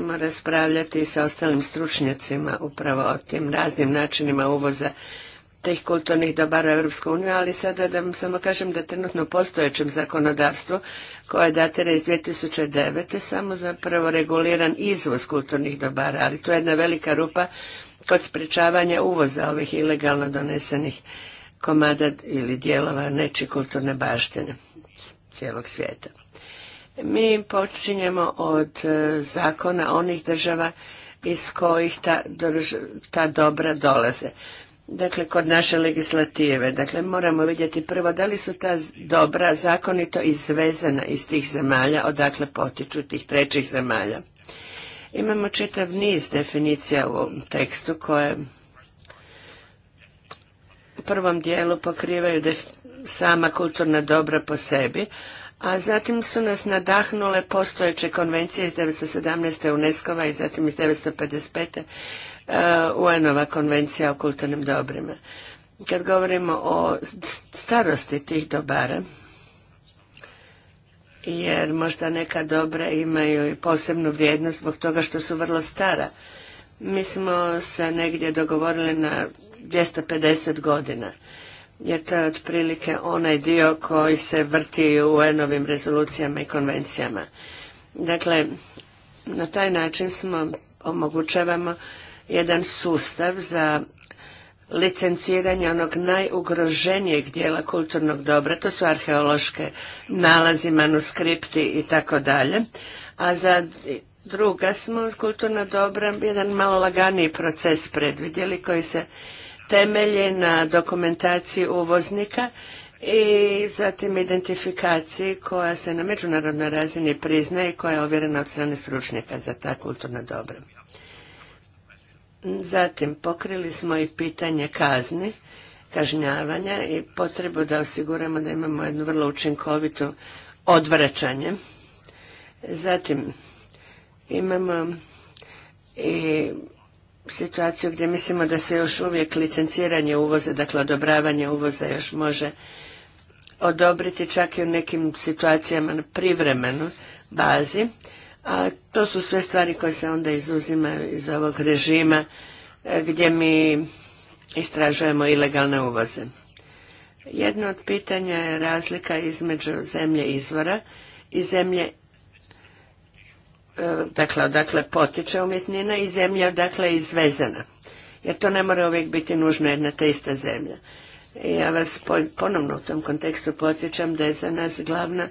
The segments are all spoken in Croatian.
ćemo raspravljati sa ostalim stručnjacima upravo o tim raznim načinima uvoza tih kulturnih dobara Europske EU, ali sada da vam samo kažem da trenutno postojećem zakonodavstvu koje datira iz 2009. samo zapravo reguliran izvoz kulturnih dobara, ali to je jedna velika rupa kod sprečavanja uvoza ovih ilegalno donesenih komada ili dijelova nečije kulturne baštine cijelog svijeta. Mi počinjemo od e, zakona onih država iz kojih ta, dobra dolaze. Dakle, kod naše legislative. Dakle, moramo vidjeti prvo da li su ta dobra zakonito izvezena iz tih zemalja, odakle potiču tih trećih zemalja. Imamo čitav niz definicija u ovom tekstu koje u prvom dijelu pokrivaju sama kulturna dobra po sebi, a zatim su nas nadahnule postojeće konvencije iz 1917. UNESCO-va i zatim iz 1955. Uh, UN-ova konvencija o kulturnim dobrima. Kad govorimo o starosti tih dobara, jer možda neka dobra imaju i posebnu vrijednost zbog toga što su vrlo stara. Mi smo se negdje dogovorili na 250 godina jer to je otprilike onaj dio koji se vrti u UN-ovim rezolucijama i konvencijama. Dakle, na taj način smo omogućavamo jedan sustav za licenciranje onog najugroženijeg dijela kulturnog dobra, to su arheološke nalazi, manuskripti i tako dalje, a za druga smo kulturna dobra jedan malo laganiji proces predvidjeli koji se temelji na dokumentaciji uvoznika i zatim identifikaciji koja se na međunarodnoj razini priznaje i koja je ovjerena od strane stručnjaka za ta kulturna dobra. Zatim pokrili smo i pitanje kazni, kažnjavanja i potrebu da osiguramo da imamo jednu vrlo učinkovito odvraćanje. Zatim imamo i situaciju gdje mislimo da se još uvijek licenciranje uvoza, dakle odobravanje uvoza još može odobriti čak i u nekim situacijama na privremenu bazi. A to su sve stvari koje se onda izuzimaju iz ovog režima e, gdje mi istražujemo ilegalne uvoze. Jedno od pitanja je razlika između zemlje izvora i zemlje E, dakle odakle potiče umjetnina i zemlja odakle je izvezena. Jer to ne mora uvijek biti nužno jedna te ista zemlja. ja vas ponovno u tom kontekstu podsjećam da je za nas glavna,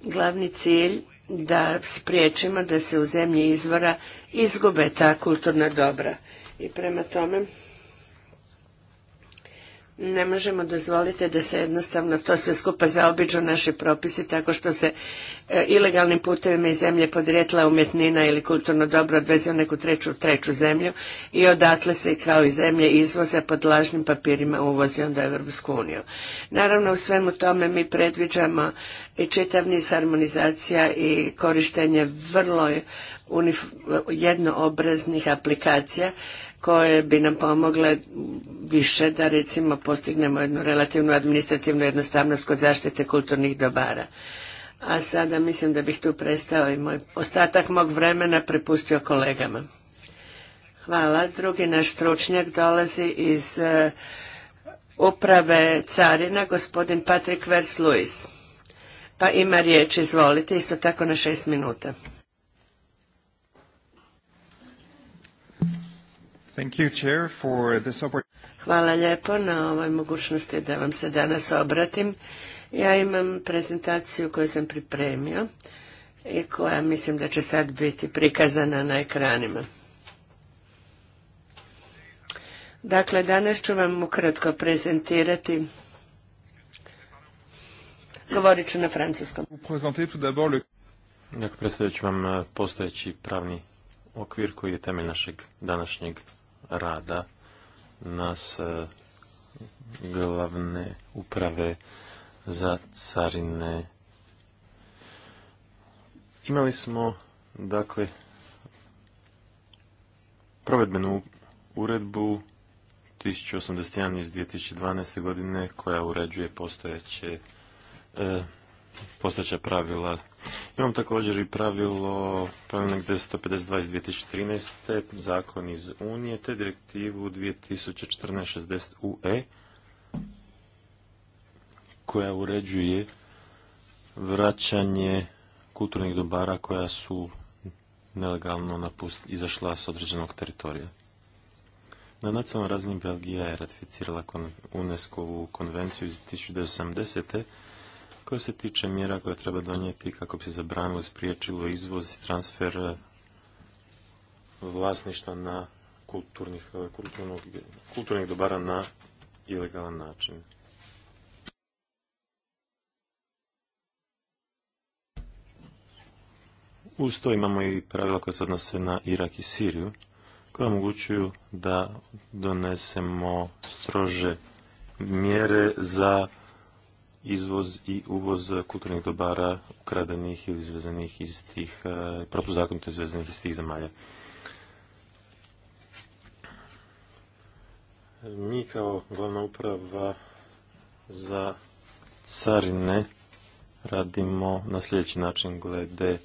glavni cilj da spriječimo da se u zemlji izvora izgube ta kulturna dobra. I prema tome ne možemo dozvoliti da se jednostavno to sve skupa zaobiđu naši propisi tako što se e, ilegalnim putevima iz zemlje podrijetla umjetnina ili kulturno dobro odveze u neku treću, treću zemlju i odatle se kao i zemlje izvoze pod lažnim papirima uvozi onda europsku uniju. Naravno u svemu tome mi predviđamo i čitav niz harmonizacija i korištenje vrlo unif jednoobraznih aplikacija koje bi nam pomogle više da recimo postignemo jednu relativnu administrativnu jednostavnost kod zaštite kulturnih dobara. A sada mislim da bih tu prestao i moj ostatak mog vremena prepustio kolegama. Hvala. Drugi naš stručnjak dolazi iz e, uprave Carina, gospodin Patrick Vers Luis. Pa ima riječ, izvolite, isto tako na šest minuta. Hvala lijepo na ovoj mogućnosti da vam se danas obratim. Ja imam prezentaciju koju sam pripremio i koja mislim da će sad biti prikazana na ekranima. Dakle, danas ću vam ukratko prezentirati Govorit ću na francuskom. Dakle, predstavit ću vam eh, postojeći pravni okvir koji je temelj našeg današnjeg rada nas e, glavne uprave za carine. Imali smo, dakle, provedbenu uredbu 1081 iz 2012. godine koja uređuje postojeće e, postojeća pravila. Imam također i pravilo pravilnik 1052 2013. zakon iz Unije te direktivu 2014-60 UE koja uređuje vraćanje kulturnih dobara koja su nelegalno napust, izašla s određenog teritorija. Na nacionalnoj razini Belgija je ratificirala UNESCO-vu konvenciju iz 1970 koje se tiče mjera koje treba donijeti kako bi se zabranilo, spriječilo izvoz i transfer eh, vlasništva na kulturnih, eh, kulturnih dobara na ilegalan način. Uz to imamo i pravila koja se odnose na Irak i Siriju, koja omogućuju da donesemo strože mjere za izvoz i uvoz kulturnih dobara ukradenih ili izvezenih iz tih, e, protuzakonito izvezenih iz tih zemalja. Mi kao glavna uprava za carine radimo na sljedeći način glede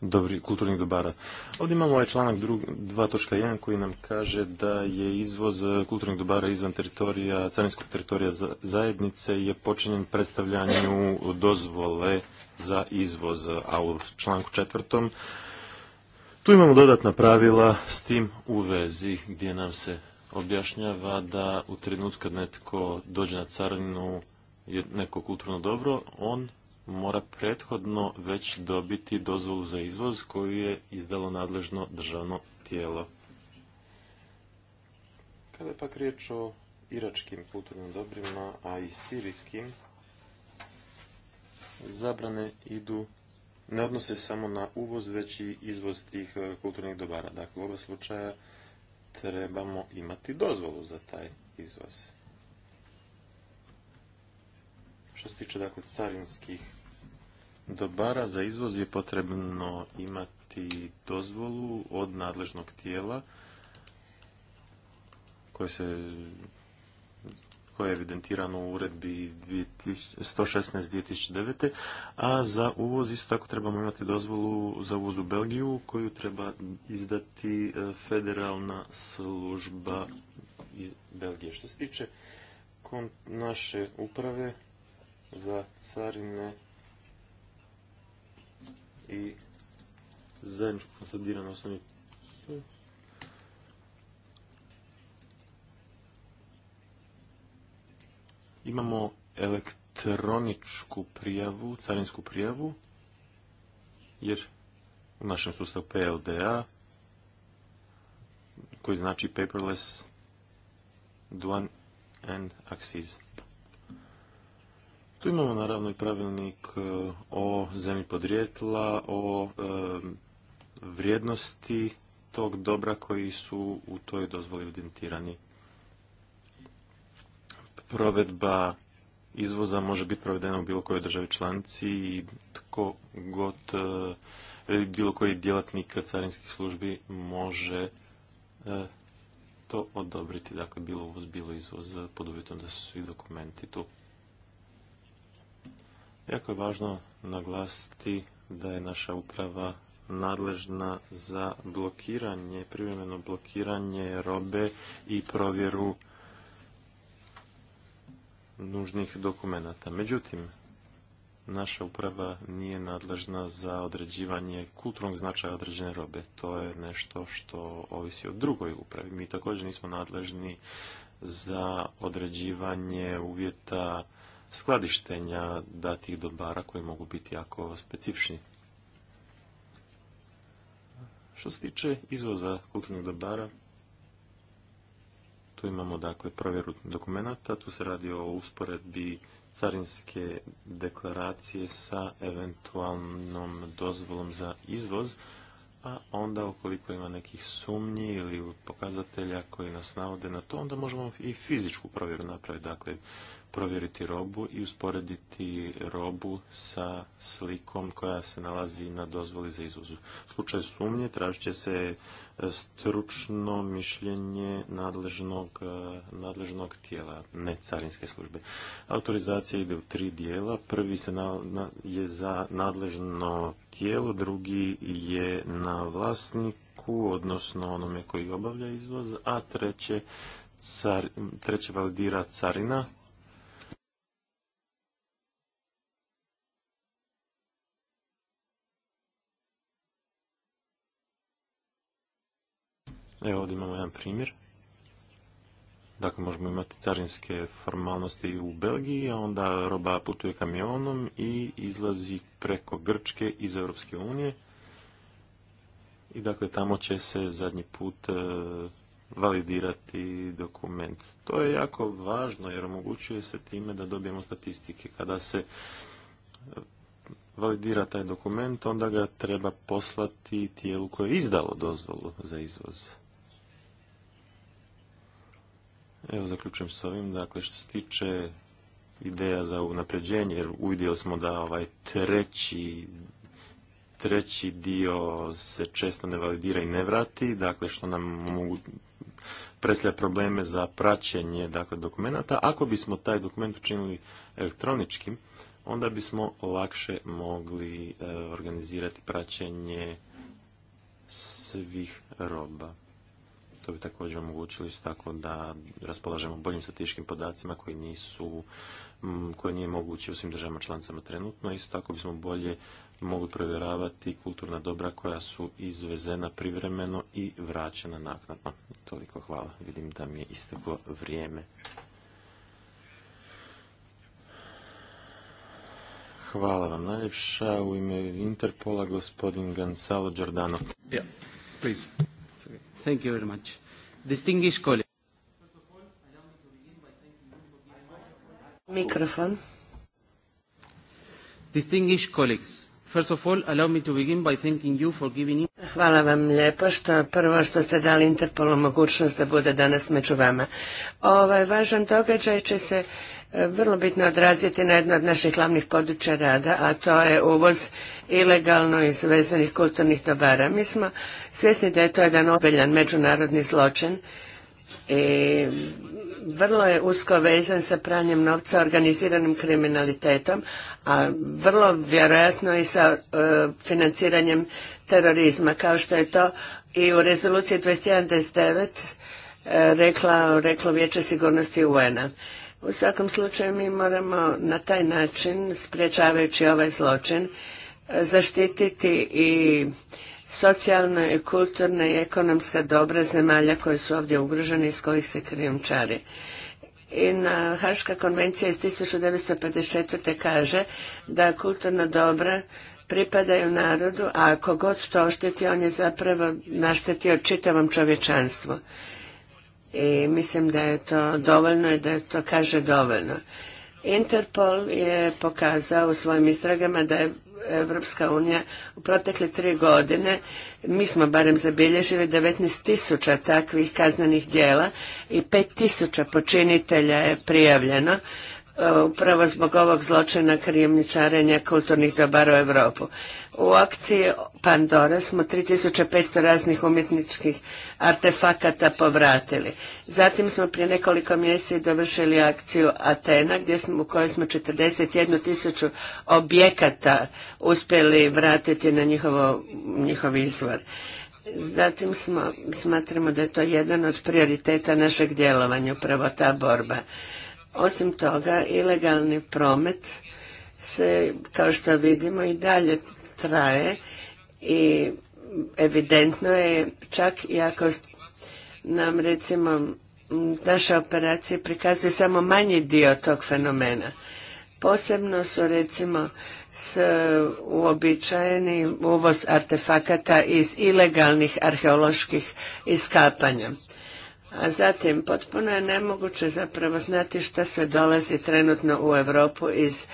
dobri, kulturnih dobara. Ovdje imamo ovaj članak 2.1 koji nam kaže da je izvoz e, kulturnih dobara izvan teritorija, carinskog teritorija zajednice je počinjen predstavljanju dozvole za izvoz, e, a u članku četvrtom tu imamo dodatna pravila s tim u vezi gdje nam se objašnjava da u trenutku kad netko dođe na carinu neko kulturno dobro, on mora prethodno već dobiti dozvolu za izvoz koju je izdalo nadležno državno tijelo. Kada je pak riječ o iračkim kulturnim dobrima, a i sirijskim, zabrane idu, ne odnose samo na uvoz, već i izvoz tih e, kulturnih dobara. Dakle, u oba slučaja trebamo imati dozvolu za taj izvoz. Što se tiče dakle, carinskih dobara za izvoz je potrebno imati dozvolu od nadležnog tijela koje se koje je evidentirano u uredbi 116-2009, a za uvoz isto tako trebamo imati dozvolu za uvoz u Belgiju, koju treba izdati e, federalna služba iz Belgije. Što se tiče naše uprave za carine i zajedničku konsolidiranu osnovnicu. Imamo elektroničku prijavu, carinsku prijavu, jer u našem sustavu PLDA, koji znači paperless, duan and axis. Tu imamo naravno i pravilnik e, o zemlji podrijetla, o e, vrijednosti tog dobra koji su u toj dozvoli evidentirani. Provedba izvoza može biti provedena u bilo kojoj državi članici i tko god e, bilo koji djelatnik carinskih službi može to odobriti, dakle bilo uvoz, bilo izvoz, pod uvjetom da su svi dokumenti tu Jako je važno naglasiti da je naša uprava nadležna za blokiranje, privremeno blokiranje robe i provjeru nužnih dokumenata. Međutim, naša uprava nije nadležna za određivanje kulturnog značaja određene robe. To je nešto što ovisi o drugoj upravi. Mi također nismo nadležni za određivanje uvjeta skladištenja datih dobara koji mogu biti jako specifični. Što se tiče izvoza kulturnih dobara, tu imamo dakle provjeru dokumenata, tu se radi o usporedbi carinske deklaracije sa eventualnom dozvolom za izvoz, a onda ukoliko ima nekih sumnji ili pokazatelja koji nas navode na to, onda možemo i fizičku provjeru napraviti, dakle provjeriti robu i usporediti robu sa slikom koja se nalazi na dozvoli za izvozu. U slučaju sumnje tražit će se e, stručno mišljenje e, nadležnog, tijela, ne carinske službe. Autorizacija ide u tri dijela. Prvi se je za nadležno tijelo, drugi je na vlasniku, odnosno onome koji obavlja izvoz, a treće treće validira carina Evo ovdje imamo jedan primjer. Dakle, možemo imati carinske formalnosti u Belgiji, a onda roba putuje kamionom i izlazi preko Grčke iz Europske unije. I dakle, tamo će se zadnji put e, validirati dokument. To je jako važno jer omogućuje se time da dobijemo statistike. Kada se e, validira taj dokument, onda ga treba poslati tijelu koje je izdalo dozvolu za izvoz. Evo zaključujem s ovim. Dakle, što se tiče ideja za unapređenje, jer uvidio smo da ovaj treći treći dio se često ne validira i ne vrati, dakle što nam mogu predstavlja probleme za praćenje dakle, dokumenata. Ako bismo taj dokument učinili elektroničkim, onda bismo lakše mogli eh, organizirati praćenje svih roba. To bi također omogućili tako da raspolažemo boljim statističkim podacima koji nisu, koje nije moguće u svim državama članicama trenutno. Isto tako bismo bolje mogli provjeravati kulturna dobra koja su izvezena privremeno i vraćena naknadno. Toliko hvala. Vidim da mi je isteklo vrijeme. Hvala vam najljepša. U ime Interpola gospodin Gonzalo Giordano. Yeah, please. Thank you very much. Distinguished colleagues. Microphone. Distinguished colleagues, first of all, allow me to begin by thanking you for giving Hvala vam lijepo što prvo što ste dali Interpolu mogućnost da bude danas među vama. Ovaj važan događaj će se e, vrlo bitno odraziti na jedno od naših glavnih područja rada, a to je uvoz ilegalno izvezenih kulturnih dobara. Mi smo svjesni da je to jedan obeljan međunarodni zločin i vrlo je usko vezan sa pranjem novca organiziranim kriminalitetom, a vrlo vjerojatno i sa e, financiranjem terorizma, kao što je to i u rezoluciji 21.29 e, rekla, reklo Vijeće sigurnosti UN-a. U svakom slučaju mi moramo na taj način, spriječavajući ovaj zločin, e, zaštititi i socijalna i kulturna i ekonomska dobra zemalja koje su ovdje ugrožene i s kojih se krijumčari. I na Haška konvencija iz 1954. kaže da kulturna dobra pripadaju narodu, a ako god to ošteti, on je zapravo naštetio čitavom čovječanstvu. I mislim da je to dovoljno i da to kaže dovoljno. Interpol je pokazao u svojim istragama da je Evropska unija u protekle tri godine, mi smo barem zabilježili 19.000 takvih kaznenih dijela i 5.000 počinitelja je prijavljeno upravo zbog ovog zločina krijemničarenja kulturnih dobara u Europu. U akciji Pandora smo 3500 raznih umjetničkih artefakata povratili. Zatim smo prije nekoliko mjeseci dovršili akciju Atena gdje smo, u kojoj smo 41.000 objekata uspjeli vratiti na njihovo, njihov izvor. Zatim smo, smatramo da je to jedan od prioriteta našeg djelovanja, upravo ta borba. Osim toga, ilegalni promet se, kao što vidimo, i dalje traje i evidentno je čak i ako nam recimo naše operacije prikazuje samo manji dio tog fenomena. Posebno su recimo s uobičajeni uvoz artefakata iz ilegalnih arheoloških iskapanja a zatim potpuno je nemoguće zapravo znati što sve dolazi trenutno u Europu iz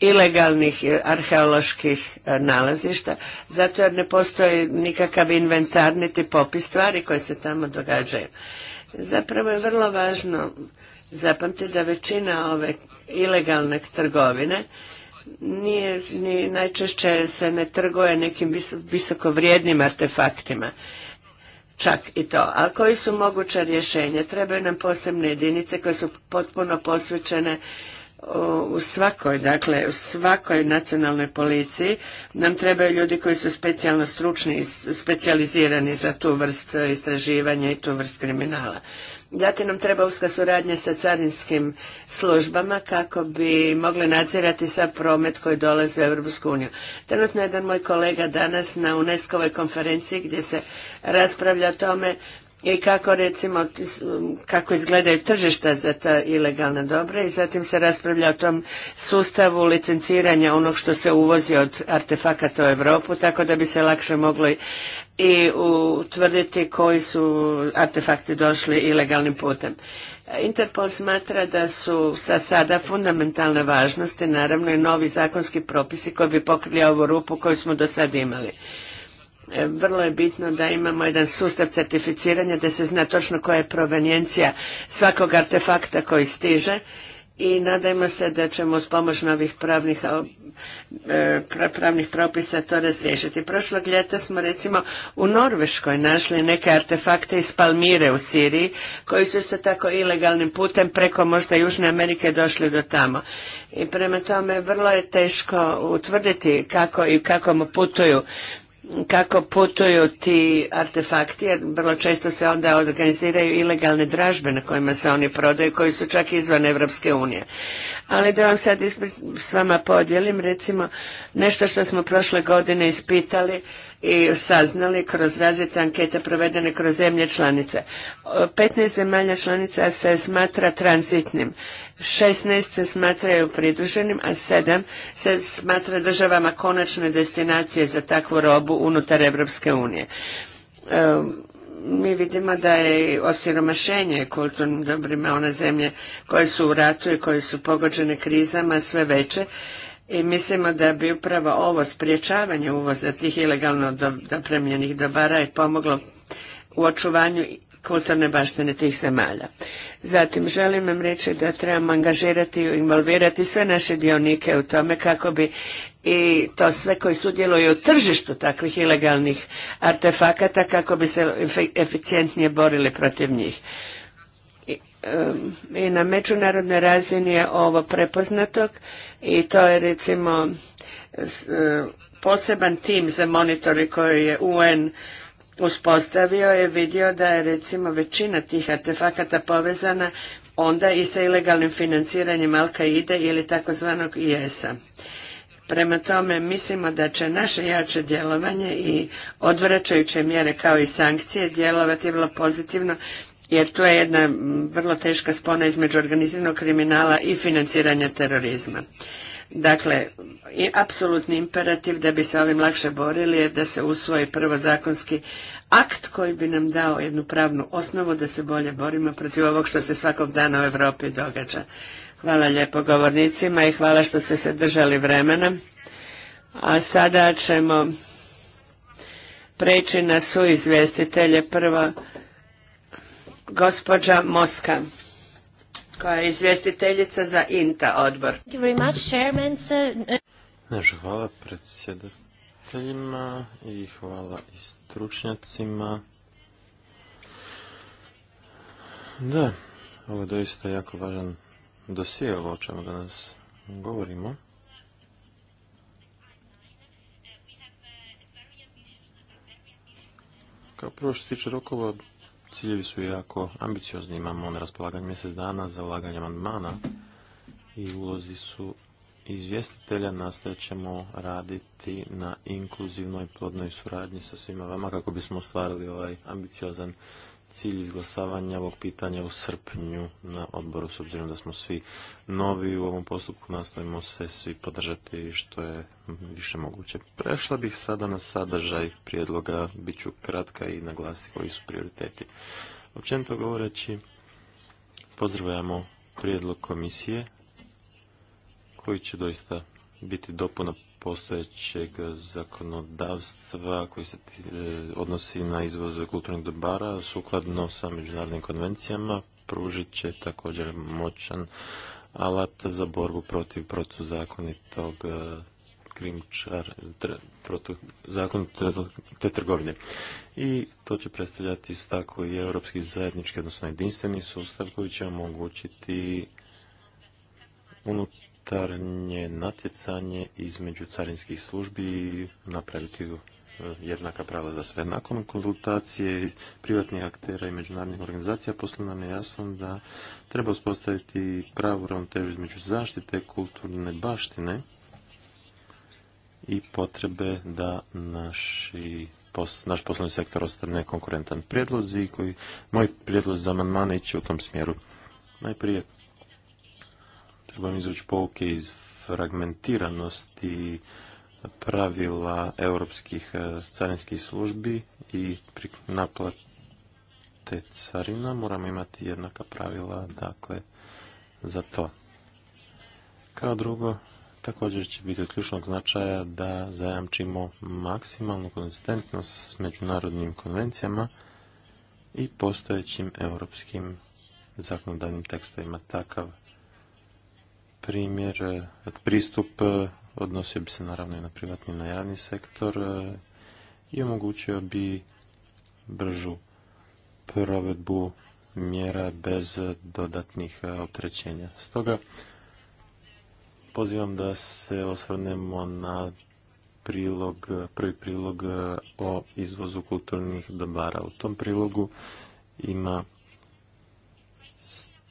ilegalnih arheoloških e, nalazišta, zato jer ne postoji nikakav inventar niti popis stvari koje se tamo događaju. Zapravo je vrlo važno zapamtiti da većina ove ilegalne trgovine nije, ni najčešće se ne trguje nekim visokovrijednim artefaktima čak i to. A koji su moguća rješenje? Trebaju nam posebne jedinice koje su potpuno posvećene u svakoj, dakle, u svakoj nacionalnoj policiji nam trebaju ljudi koji su specijalno stručni i specijalizirani za tu vrst istraživanja i tu vrst kriminala. Zatim nam treba uska suradnja sa carinskim službama kako bi mogli nadzirati sa promet koji dolazi u Europsku uniju. Trenutno jedan moj kolega danas na unesco konferenciji gdje se raspravlja o tome i kako recimo um, kako izgledaju tržišta za ta ilegalna dobra i zatim se raspravlja o tom sustavu licenciranja onog što se uvozi od artefakata u Europu tako da bi se lakše moglo i utvrditi koji su artefakti došli ilegalnim putem. Interpol smatra da su sa sada fundamentalne važnosti naravno i novi zakonski propisi koji bi pokrili ovu rupu koju smo do sada imali. E, vrlo je bitno da imamo jedan sustav certificiranja da se zna točno koja je provenjencija svakog artefakta koji stiže i nadajmo se da ćemo s pomoć novih pravnih, e, pravnih propisa to razriješiti. Prošlog ljeta smo recimo u Norveškoj našli neke artefakte iz Palmire u Siriji koji su isto tako ilegalnim putem preko možda Južne Amerike došli do tamo. I prema tome vrlo je teško utvrditi kako i kako mu putuju kako putuju ti artefakti, jer vrlo često se onda organiziraju ilegalne dražbe na kojima se oni prodaju, koji su čak izvan Evropske unije. Ali da vam sad s vama podijelim, recimo, nešto što smo prošle godine ispitali i saznali kroz različite ankete provedene kroz zemlje članice. 15 zemalja članica se smatra tranzitnim, 16 se smatraju pridruženim, a 7 se smatra državama konačne destinacije za takvu robu unutar Evropske unije. Ehm, mi vidimo da je osiromašenje kulturnim dobrima one zemlje koje su u ratu i koje su pogođene krizama sve veće i mislimo da bi upravo ovo spriječavanje uvoza tih ilegalno dopremljenih dobara i pomoglo u očuvanju kulturne baštine tih zemalja. Zatim želim vam reći da trebamo angažirati i involvirati sve naše dionike u tome kako bi i to sve koji sudjeluju u tržištu takvih ilegalnih artefakata kako bi se eficijentnije borili protiv njih. I, um, i na međunarodnoj razini je ovo prepoznato i to je recimo e, poseban tim za monitori koji je UN uspostavio je vidio da je recimo većina tih artefakata povezana onda i sa ilegalnim financiranjem Al-Qaide ili takozvanog IS-a. Prema tome, mislimo da će naše jače djelovanje i odvraćajuće mjere kao i sankcije djelovati vrlo pozitivno jer tu je jedna vrlo teška spona između organiziranog kriminala i financiranja terorizma. Dakle, apsolutni imperativ da bi se ovim lakše borili je da se usvoji prvo zakonski akt koji bi nam dao jednu pravnu osnovu da se bolje borimo protiv ovog što se svakog dana u Europi događa. Hvala lijepo govornicima i hvala što ste se držali vremena. A sada ćemo preći na suizvjestitelje. Prvo, gospođa Moska koja je izvjestiteljica za INTA odbor. ne hvala predsjedateljima i hvala i stručnjacima. Da, ovo je doista jako važan dosije ovo o čemu danas govorimo. Kao prvo što se tiče rokova, Ciljevi su jako ambiciozni, imamo na raspolaganju mjesec dana za ulaganje amandmana i ulozi su izvjestitelja nastojat ćemo raditi na inkluzivnoj plodnoj suradnji sa svima vama kako bismo ostvarili ovaj ambiciozan cilj izglasavanja ovog pitanja u srpnju na odboru, s obzirom da smo svi novi u ovom postupku, nastavimo se svi podržati što je više moguće. Prešla bih sada na sadržaj prijedloga, bit ću kratka i naglasiti koji su prioriteti. Općenito govoreći, pozdravljamo prijedlog komisije koji će doista biti dopuna postojećeg zakonodavstva koji se e, odnosi na izvoz kulturnih dobara sukladno sa međunarodnim konvencijama pružit će također moćan alat za borbu protiv protuzakonitog e, krimčar, protuzakonite te trgovine. I to će predstavljati isto tako i europski zajednički, odnosno jedinstveni sustav koji će omogućiti unutar unutarnje natjecanje između carinskih službi i napraviti e, jednaka prava za sve. Nakon konzultacije privatnih aktera i međunarodnih organizacija poslije nam je jasno da treba uspostaviti pravu ravnotežu između zaštite kulturne baštine i potrebe da naši naš poslovni sektor ostane konkurentan. Prijedlozi koji, moj prijedlozi za amandmane ići u tom smjeru. Najprije trebamo izvući pouke iz fragmentiranosti pravila europskih e, carinskih službi i pri naplate carina moramo imati jednaka pravila dakle za to. Kao drugo, također će biti od ključnog značaja da zajamčimo maksimalnu konzistentnost s međunarodnim konvencijama i postojećim europskim zakonodavnim tekstovima. Takav primjer, e, pristup e, odnosio bi se naravno i na privatni i na javni sektor e, i omogućio bi bržu provedbu mjera bez dodatnih opterećenja. Stoga pozivam da se osvrnemo na prilog, prvi prilog o izvozu kulturnih dobara. U tom prilogu ima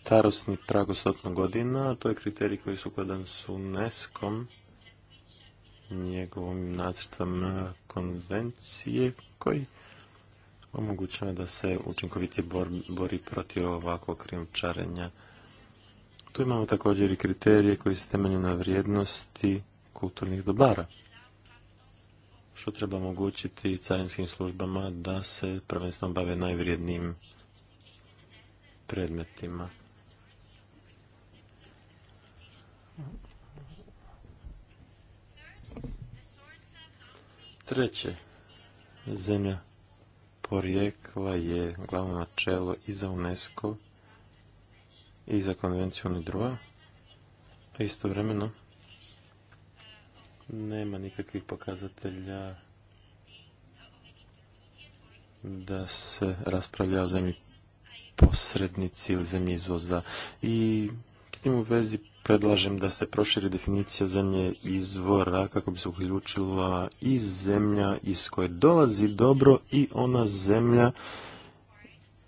starosni prag od godina, to je kriterij koji sukladan s UNESCO-om, njegovom nacrtom e, konvencije koji omogućava da se učinkovitije bori protiv ovakvog krijumčarenja. Tu imamo također i kriterije koji se temelje na vrijednosti kulturnih dobara, što treba omogućiti carinskim službama da se prvenstveno bave najvrijednijim predmetima. Treće, zemlja porijekla je glavno načelo i za UNESCO i za konvenciju UNIDROA, a istovremeno nema nikakvih pokazatelja da se raspravlja o zemlji posrednici ili zemlji izvoza. I s tim u vezi predlažem da se proširi definicija zemlje izvora kako bi se uključila i zemlja iz koje dolazi dobro i ona zemlja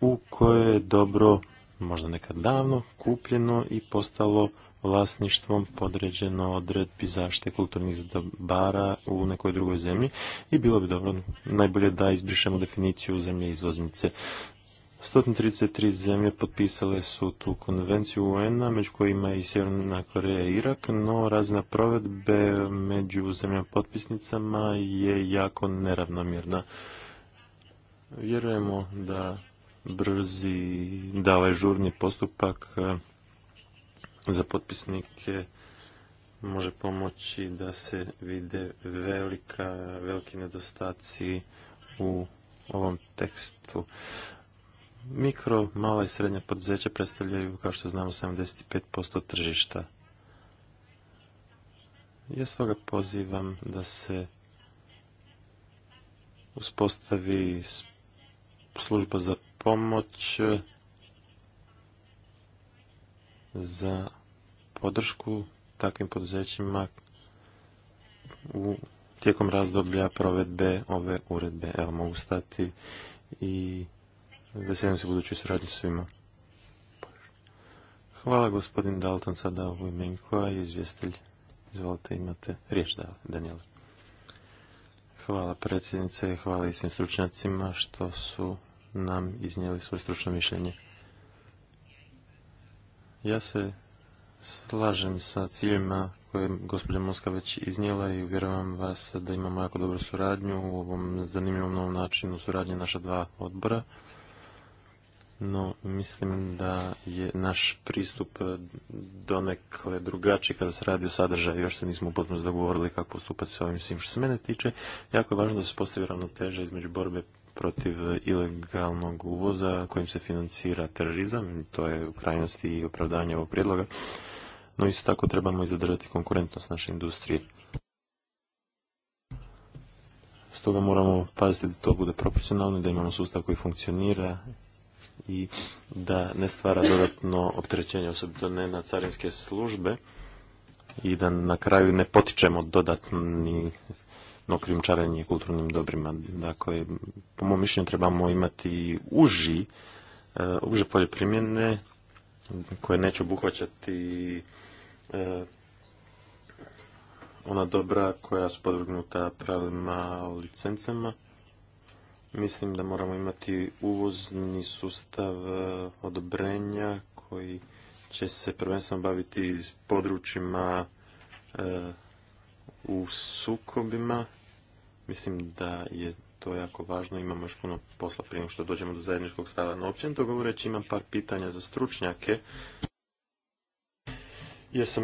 u kojoj je dobro možda nekad davno kupljeno i postalo vlasništvom podređeno odredbi zaštite kulturnih dobara u nekoj drugoj zemlji i bilo bi dobro najbolje da izbrišemo definiciju zemlje izvoznice. 133 zemlje potpisale su tu konvenciju UN-a, među kojima je i Sjeverna Koreja i Irak, no razina provedbe među zemljama potpisnicama je jako neravnomjerna. Vjerujemo da brzi, da ovaj žurni postupak e, za potpisnike može pomoći da se vide velika, veliki nedostaci u ovom tekstu. Mikro, mala i srednja poduzeća predstavljaju, kao što znamo, 75% tržišta. Ja svoga pozivam da se uspostavi služba za pomoć za podršku takvim poduzećima u tijekom razdoblja provedbe ove uredbe. Evo mogu stati i Veselim se budućoj suradnji svima. Hvala gospodin Dalton sada u ime koja je izvjestelj. Izvolite, imate riječ Daniela. Hvala predsjednice, hvala i svim stručnjacima što su nam iznijeli svoje stručno mišljenje. Ja se slažem sa ciljima koje je gospođa Moska već iznijela i uvjeravam vas da imamo jako dobru suradnju u ovom zanimljivom novom načinu suradnje naša dva odbora no mislim da je naš pristup eh, donekle drugačiji kada se radi o sadržaju, još se nismo potpuno dogovorili kako postupati sa ovim svim što se mene tiče. Jako je važno da se postavi ravnoteža između borbe protiv eh, ilegalnog uvoza kojim se financira terorizam, to je u krajnosti i opravdanje ovog prijedloga, no isto tako trebamo i zadržati konkurentnost naše industrije. Stoga moramo paziti da to bude proporcionalno da imamo sustav koji funkcionira i da ne stvara dodatno opterećenje, osobito ne na carinske službe i da na kraju ne potičemo dodatni no krijumčarenje kulturnim dobrima. Dakle, po mom mišljenju trebamo imati uži, eh, uže polje koje neće obuhvaćati eh, ona dobra koja su podvrgnuta pravima o licencama Mislim da moramo imati uvozni sustav e, odobrenja koji će se prvenstveno baviti područjima e, u sukobima. Mislim da je to jako važno, imamo još puno posla prije što dođemo do zajedničkog stava. No to govoreći imam par pitanja za stručnjake, jer, sam,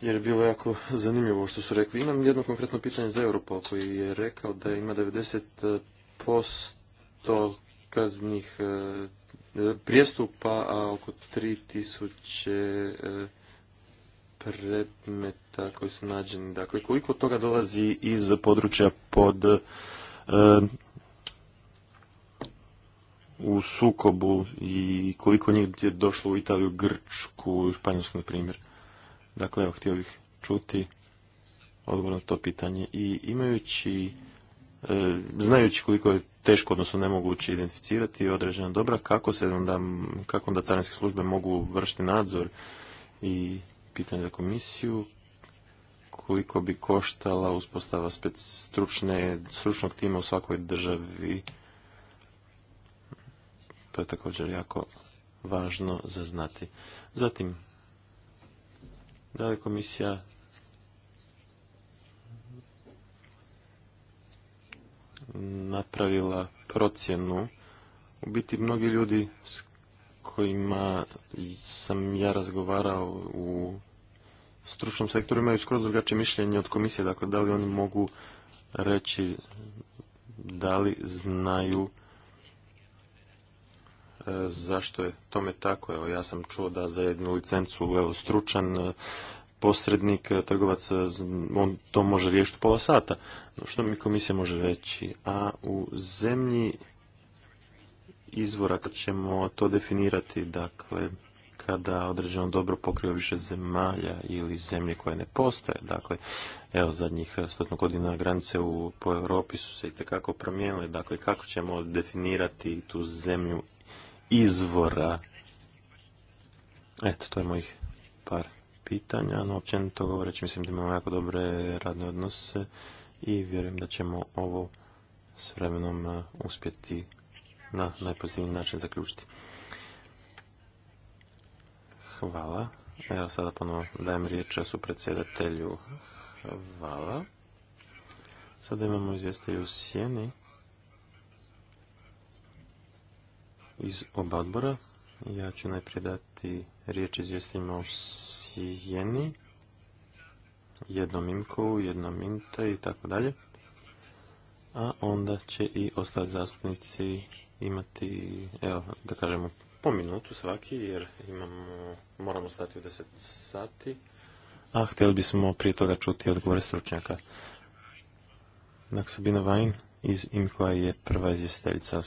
jer je bilo jako zanimljivo što su rekli. Imam jedno konkretno pitanje za Europol koji je rekao da ima 90 posto kaznih e, prijestupa, a oko 3000 e, predmeta koji su nađeni. Dakle, koliko toga dolazi iz područja pod e, u sukobu i koliko njih je došlo u Italiju, Grčku, Španjolsku, na primjer. Dakle, evo, htio bih čuti odgovor na to pitanje. I imajući E, znajući koliko je teško, odnosno nemoguće identificirati određena dobra, kako se onda, kako onda carinske službe mogu vršiti nadzor i pitanje za komisiju, koliko bi koštala uspostava stručne, stručnog tima u svakoj državi. To je također jako važno za znati. Zatim, da li komisija napravila procjenu. U biti mnogi ljudi s kojima sam ja razgovarao u stručnom sektoru imaju skoro drugačije mišljenje od komisije, dakle da li oni mogu reći da li znaju e, zašto je tome tako. Evo, ja sam čuo da za jednu licencu evo, stručan e, posrednik, e, trgovac, e, on to može riješiti pola sata. Što mi komisija može reći? A u zemlji izvora kad ćemo to definirati, dakle, kada određeno dobro pokriva više zemalja ili zemlje koje ne postoje. Dakle, evo, zadnjih stotno godina granice u, po Europi su se i tekako promijenile. Dakle, kako ćemo definirati tu zemlju izvora? Eto, to je mojih par pitanja, no općenito govoreći mislim da imamo jako dobre radne odnose i vjerujem da ćemo ovo s vremenom e, uspjeti na najpozitivniji način zaključiti. Hvala. Evo sada ponovno dajem riječ su predsjedatelju. Hvala. Sada imamo izvjestitelju u sjeni iz oba odbora. Ja ću najprije dati riječ izvjestimo o sjeni, jednom imku, jednom inte i tako dalje. A onda će i ostali zastupnici imati, evo, da kažemo, po minutu svaki, jer imamo, moramo stati u 10 sati. A htjeli bismo prije toga čuti odgovore stručnjaka. Naksabina dakle, Vajn iz INKO-a je prva izvjestiteljica u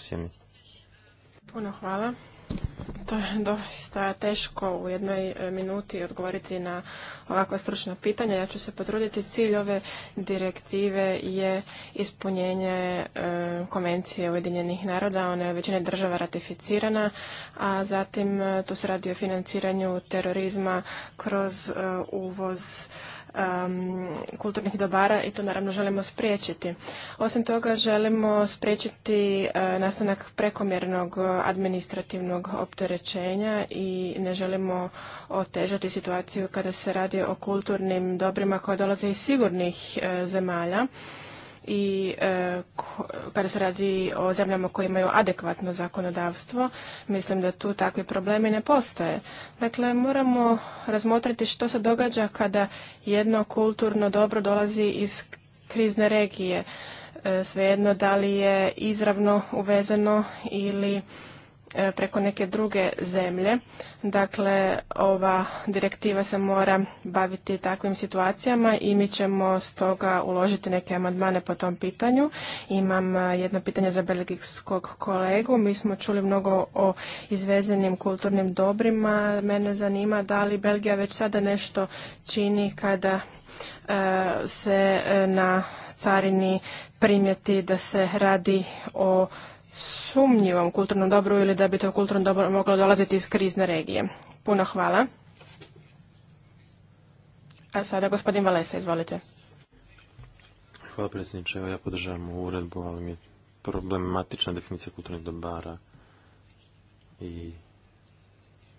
Puno hvala. To je doista teško u jednoj e, minuti odgovoriti na ovakva stručna pitanja. Ja ću se potruditi. Cilj ove direktive je ispunjenje e, konvencije Ujedinjenih naroda. Ona je u većini država ratificirana, a zatim e, tu se radi o financiranju terorizma kroz uvoz um, kulturnih dobara i to naravno želimo spriječiti. Osim toga želimo spriječiti uh, nastanak prekomjernog administrativnog opterećenja i ne želimo otežati situaciju kada se radi o kulturnim dobrima koje dolaze iz sigurnih uh, zemalja i e, kada se radi o zemljama koje imaju adekvatno zakonodavstvo, mislim da tu takvi problemi ne postoje. Dakle, moramo razmotriti što se događa kada jedno kulturno dobro dolazi iz krizne regije. E, svejedno da li je izravno uvezeno ili E, preko neke druge zemlje. Dakle, ova direktiva se mora baviti takvim situacijama i mi ćemo stoga uložiti neke amandmane po tom pitanju. Imam e, jedno pitanje za belgijskog kolegu. Mi smo čuli mnogo o izvezenim kulturnim dobrima. Mene zanima da li Belgija već sada nešto čini kada e, se na carini primjeti da se radi o sumnjivom kulturnom dobru ili da bi to kulturno dobro moglo dolaziti iz krizne regije. Puno hvala. A sada gospodin Valesa, izvolite. Hvala predsjedniče. ja podržavam ovu uredbu, ali mi je problematična definicija kulturnih dobara i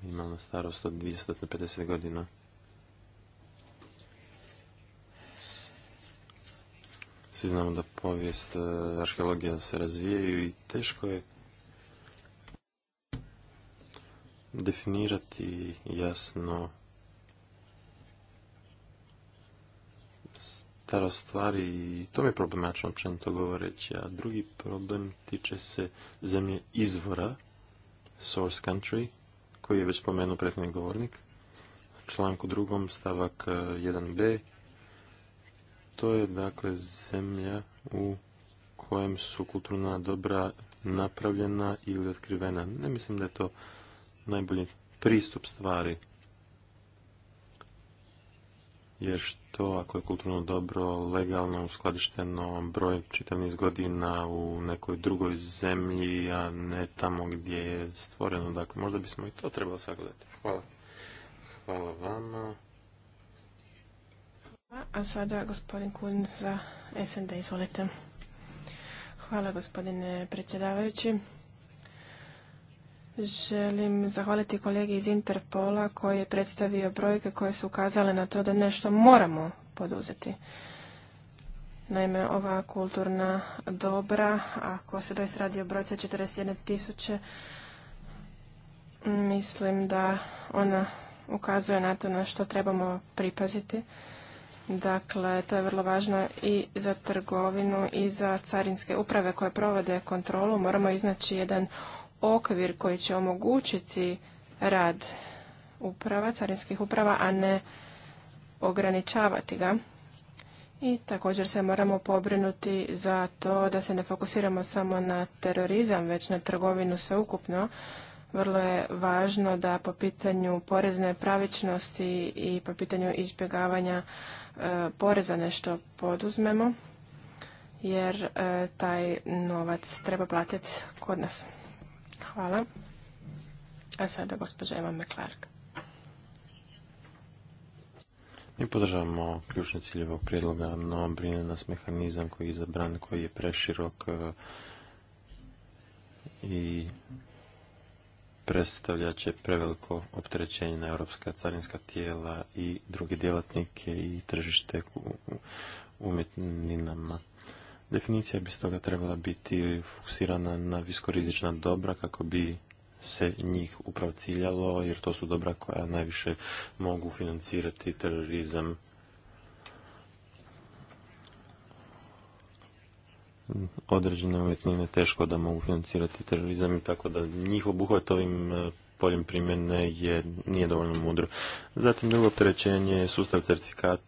minimalna starost od 250 godina. Svi znamo da povijest, e, arheologija se razvijaju i teško je definirati jasno staro stvari i to mi je problemačno općenito govoreći, a drugi problem tiče se zemlje izvora, source country, koji je već spomenuo prethodni govornik, članku drugom stavak 1b e, to je dakle zemlja u kojem su kulturna dobra napravljena ili otkrivena. Ne mislim da je to najbolji pristup stvari. Jer što ako je kulturno dobro legalno uskladišteno broj čitav niz godina u nekoj drugoj zemlji, a ne tamo gdje je stvoreno. Dakle, možda bismo i to trebali sagledati. Hvala. Hvala vama. A sada gospodin Kun za SND, izvolite. Hvala gospodine predsjedavajući. Želim zahvaliti kolegi iz Interpola koji je predstavio brojke koje su ukazale na to da nešto moramo poduzeti. Naime, ova kulturna dobra, ako se doista radi o brojce 41 tisuće, mislim da ona ukazuje na to na što trebamo pripaziti Dakle, to je vrlo važno i za trgovinu i za carinske uprave koje provode kontrolu. Moramo iznaći jedan okvir koji će omogućiti rad uprava, carinskih uprava, a ne ograničavati ga. I također se moramo pobrinuti za to da se ne fokusiramo samo na terorizam, već na trgovinu sveukupno, vrlo je važno da po pitanju porezne pravičnosti i po pitanju izbjegavanja e, poreza nešto poduzmemo, jer e, taj novac treba platiti kod nas. Hvala. A sada gospođa Ema Meklark. Mi podržavamo ključne cilj ovog prijedloga, no brine nas mehanizam koji je izabran, koji je preširok e, i predstavljat će preveliko opterećenje na europska carinska tijela i druge djelatnike i tržište umjetninama. Definicija bi stoga trebala biti fokusirana na viskorizična dobra kako bi se njih upravo ciljalo, jer to su dobra koja najviše mogu financirati terorizam određene umjetnine teško da mogu financirati terorizam i tako da njih obuhvat ovim e, poljem primjene je, nije dovoljno mudro. Zatim drugo opterećenje je sustav certifikata,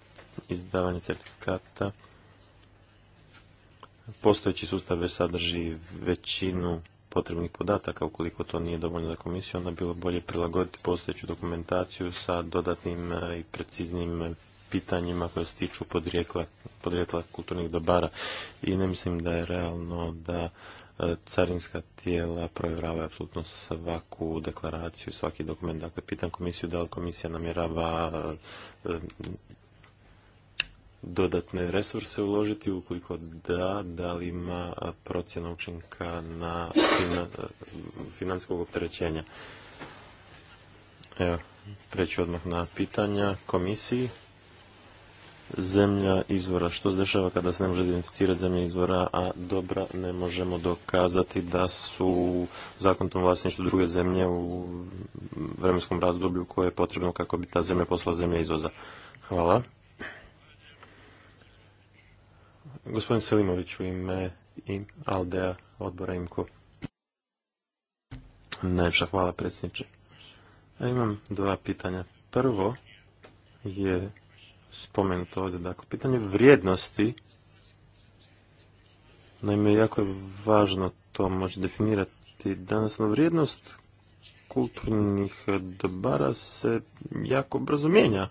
izdavanje certifikata. Postojeći sustav već sadrži većinu potrebnih podataka, ukoliko to nije dovoljno za komisiju, onda bilo bolje prilagoditi postojeću dokumentaciju sa dodatnim e, i preciznim e, pitanjima koje se tiču podrijetla kulturnih dobara i ne mislim da je realno da e, carinska tijela provjeravaju apsolutno svaku deklaraciju, svaki dokument. Dakle, pitam komisiju da li komisija namjerava e, dodatne resurse uložiti, ukoliko da, da li ima e, procjena učinka na financijskog opterećenja. Evo, preću odmah na pitanja komisiji zemlja izvora. Što se dešava kada se ne može identificirati zemlja izvora, a dobra ne možemo dokazati da su u zakonitom vlasništvu druge zemlje u vremenskom razdoblju koje je potrebno kako bi ta zemlja poslala zemlja izvoza. Hvala. Gospodin Selimović u ime Aldea odbora IMKO. Najviša hvala predsjedniče. imam dva pitanja. Prvo je spomenuto ovdje. Dakle, pitanje vrijednosti, naime, jako je važno to moći definirati danas, no vrijednost kulturnih dobara se jako brzo mijenja.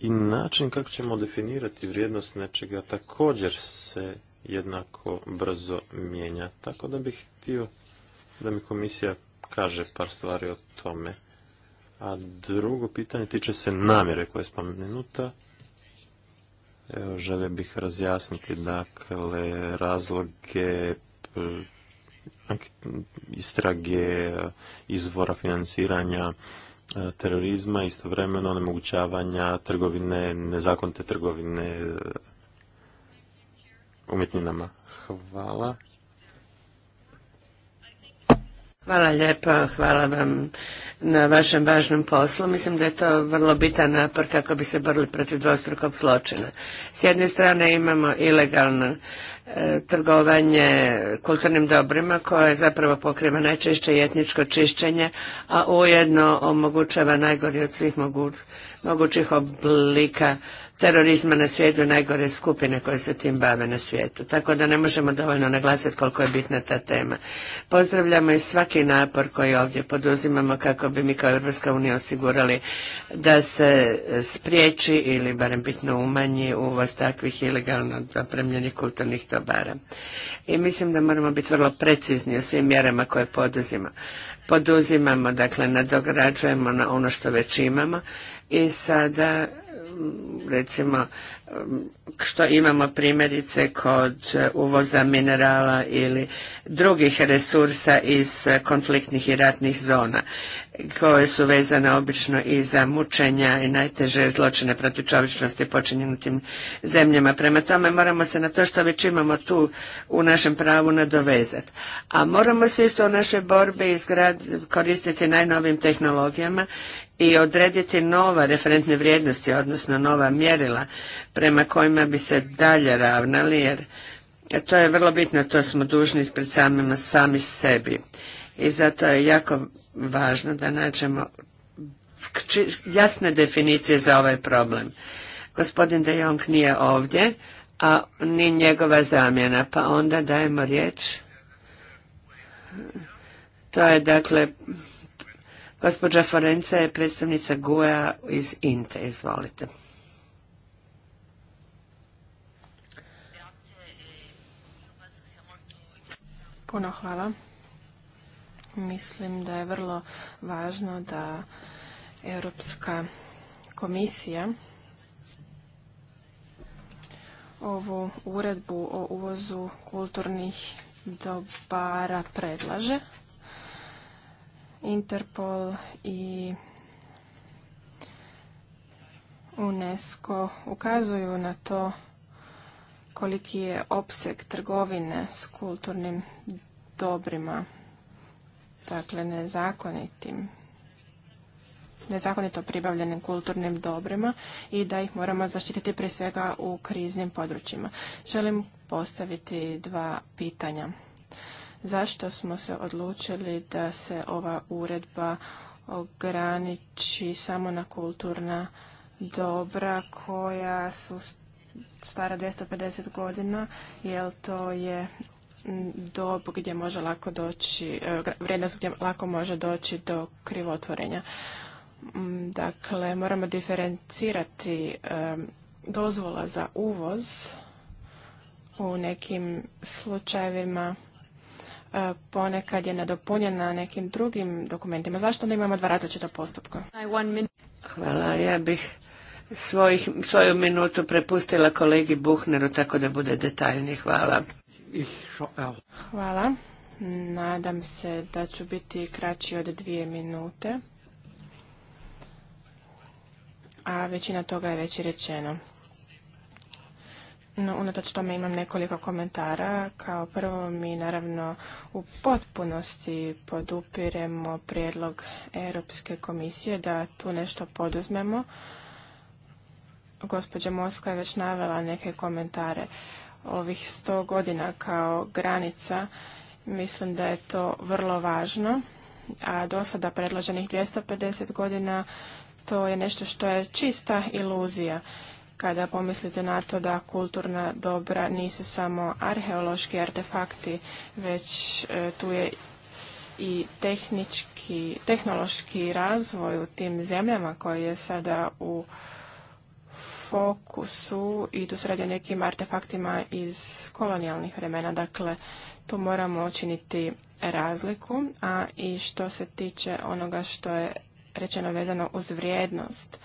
I način kako ćemo definirati vrijednost nečega također se jednako brzo mijenja. Tako da bih htio da mi komisija kaže par stvari o tome. A drugo pitanje tiče se namjere koje je spomenuta. Evo, želio bih razjasniti, dakle, razloge eh, istrage izvora financiranja eh, terorizma, istovremeno onemogućavanja trgovine, nezakonite trgovine eh, umjetninama. Hvala. Hvala lijepo, hvala vam na vašem važnom poslu. Mislim da je to vrlo bitan napor kako bi se borili protiv dvostrukog zločina. S jedne strane imamo ilegalno e, trgovanje kulturnim dobrima koje zapravo pokriva najčešće etničko čišćenje, a ujedno omogućava najgori od svih mogućih oblika terorizma na svijetu, najgore skupine koje se tim bave na svijetu. Tako da ne možemo dovoljno naglasiti koliko je bitna ta tema. Pozdravljamo i svaki napor koji ovdje poduzimamo kako bi mi kao Europska unija osigurali da se spriječi ili barem bitno umanji uvoz takvih ilegalno opremljenih kulturnih dobara. I mislim da moramo biti vrlo precizni u svim mjerama koje poduzimamo. Poduzimamo, dakle, nadograđujemo na ono što već imamo i sada recimo što imamo primjerice kod uvoza minerala ili drugih resursa iz konfliktnih i ratnih zona koje su vezane obično i za mučenja i najteže zločine protiv čovječnosti počinjene tim zemljama. Prema tome moramo se na to što već imamo tu u našem pravu nadovezati. A moramo se isto u našoj borbi koristiti najnovim tehnologijama i odrediti nova referentne vrijednosti, odnosno nova mjerila prema kojima bi se dalje ravnali, jer to je vrlo bitno, to smo dužni ispred samima sami sebi. I zato je jako važno da nađemo jasne definicije za ovaj problem. Gospodin De Jong nije ovdje, a ni njegova zamjena, pa onda dajemo riječ. To je dakle Gospođa Forenca je predstavnica GUA iz INTE. Izvolite. Puno hvala. Mislim da je vrlo važno da Europska komisija ovu uredbu o uvozu kulturnih dobara predlaže Interpol i UNESCO ukazuju na to koliki je opseg trgovine s kulturnim dobrima, dakle nezakonitim nezakonito pribavljenim kulturnim dobrima i da ih moramo zaštititi prije svega u kriznim područjima. Želim postaviti dva pitanja zašto smo se odlučili da se ova uredba ograniči samo na kulturna dobra koja su stara 250 godina, jer to je dob gdje može lako doći, e, vrijednost gdje lako može doći do krivotvorenja. Mm, dakle, moramo diferencirati e, dozvola za uvoz u nekim slučajevima E, ponekad je nadopunjena nekim drugim dokumentima. Zašto onda imamo dva različita postupka? Hvala, ja bih svoju minutu prepustila kolegi Buchneru tako da bude detaljni. Hvala. Hvala. Nadam se da ću biti kraći od dvije minute. A većina toga je već rečeno. No, unatoč tome imam nekoliko komentara. Kao prvo, mi naravno u potpunosti podupiremo prijedlog Europske komisije da tu nešto poduzmemo. Gospođa Moska je već navela neke komentare ovih sto godina kao granica. Mislim da je to vrlo važno, a do sada predloženih 250 godina to je nešto što je čista iluzija kada pomislite na to da kulturna dobra nisu samo arheološki artefakti, već e, tu je i tehnički, tehnološki razvoj u tim zemljama koji je sada u fokusu i tu se radi o nekim artefaktima iz kolonijalnih vremena. Dakle, tu moramo učiniti razliku, a i što se tiče onoga što je rečeno vezano uz vrijednost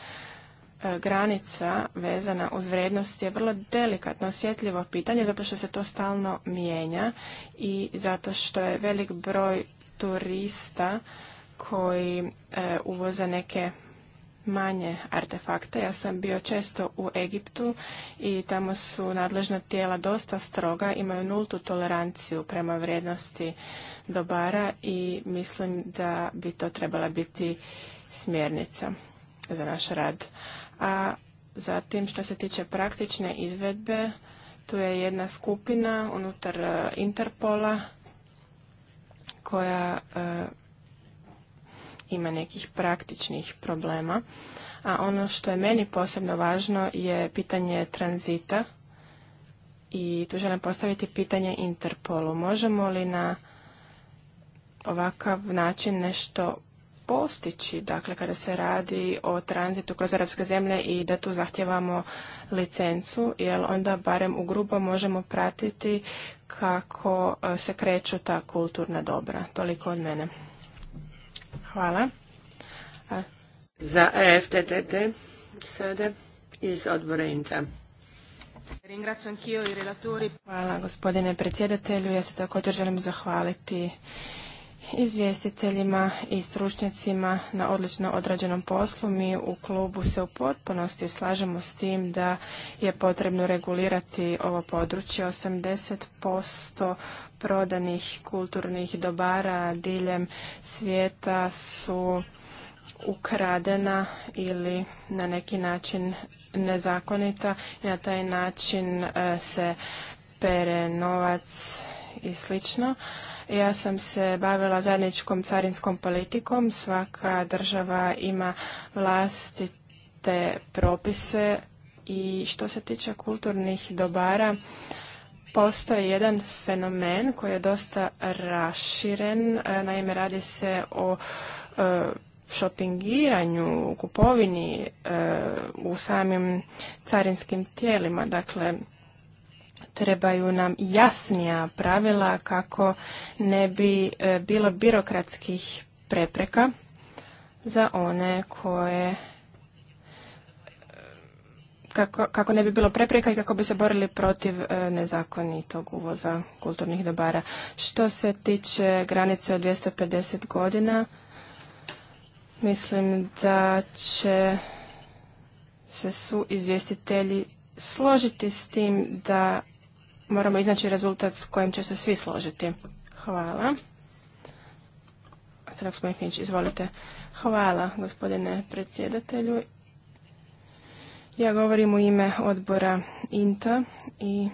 E, granica vezana uz vrijednost je vrlo delikatno osjetljivo pitanje zato što se to stalno mijenja i zato što je velik broj turista koji uvoza e, uvoze neke manje artefakte. Ja sam bio često u Egiptu i tamo su nadležna tijela dosta stroga, imaju nultu toleranciju prema vrijednosti dobara i mislim da bi to trebala biti smjernica za naš rad. A zatim što se tiče praktične izvedbe, tu je jedna skupina unutar e, Interpola koja e, ima nekih praktičnih problema. A ono što je meni posebno važno je pitanje tranzita i tu želim postaviti pitanje Interpolu. Možemo li na ovakav način nešto postići, dakle, kada se radi o tranzitu kroz arapske zemlje i da tu zahtjevamo licencu, jer onda barem u grubo možemo pratiti kako e, se kreću ta kulturna dobra. Toliko od mene. Hvala. Za EFTTT sada iz odbora INTA. Hvala gospodine predsjedatelju. Ja se također želim zahvaliti izvjestiteljima i stručnjacima na odlično odrađenom poslu. Mi u klubu se u potpunosti slažemo s tim da je potrebno regulirati ovo područje. 80% prodanih kulturnih dobara diljem svijeta su ukradena ili na neki način nezakonita i na taj način e, se pere novac i slično. Ja sam se bavila zajedničkom carinskom politikom. Svaka država ima vlastite propise i što se tiče kulturnih dobara, postoji jedan fenomen koji je dosta raširen. E, naime, radi se o e, šopingiranju, kupovini e, u samim carinskim tijelima. Dakle, trebaju nam jasnija pravila kako ne bi e, bilo birokratskih prepreka za one koje e, kako, kako ne bi bilo prepreka i kako bi se borili protiv e, nezakonitog uvoza kulturnih dobara. Što se tiče granice od 250 godina, mislim da će se su izvjestitelji složiti s tim da moramo iznaći rezultat s kojim će se svi složiti. Hvala. Srak Smehnić, izvolite. Hvala, gospodine predsjedatelju. Ja govorim u ime odbora INTA i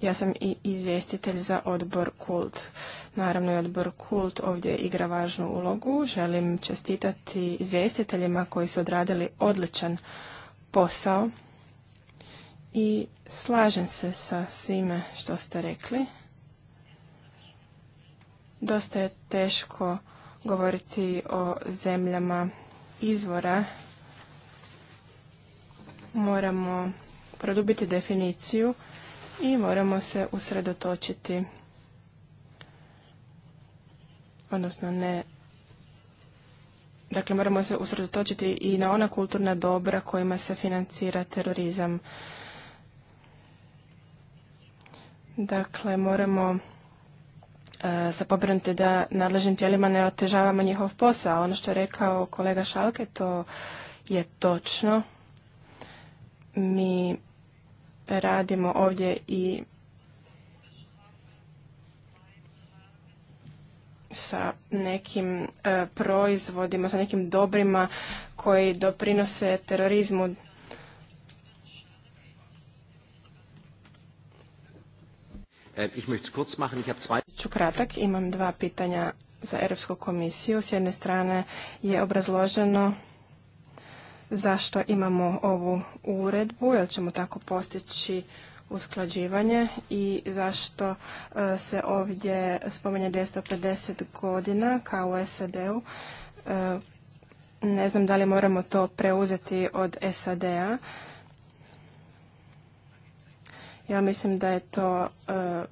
ja sam i izvjestitelj za odbor KULT. Naravno i odbor KULT ovdje igra važnu ulogu. Želim čestitati izvjestiteljima koji su odradili odličan posao i slažem se sa svime što ste rekli. Dosta je teško govoriti o zemljama izvora. Moramo produbiti definiciju i moramo se usredotočiti odnosno ne dakle moramo se usredotočiti i na ona kulturna dobra kojima se financira terorizam Dakle, moramo e, se pobrinuti da nadležnim tijelima ne otežavamo njihov posao. Ono što je rekao kolega Šalke, to je točno. Mi radimo ovdje i sa nekim e, proizvodima, sa nekim dobrima koji doprinose terorizmu. Äh, Ću kratak, imam dva pitanja za Europsku komisiju. S jedne strane je obrazloženo zašto imamo ovu uredbu, jel ćemo tako postići usklađivanje i zašto e, se ovdje spominje 250 godina kao u SAD-u. E, ne znam da li moramo to preuzeti od SAD-a. Ja mislim da je to eh,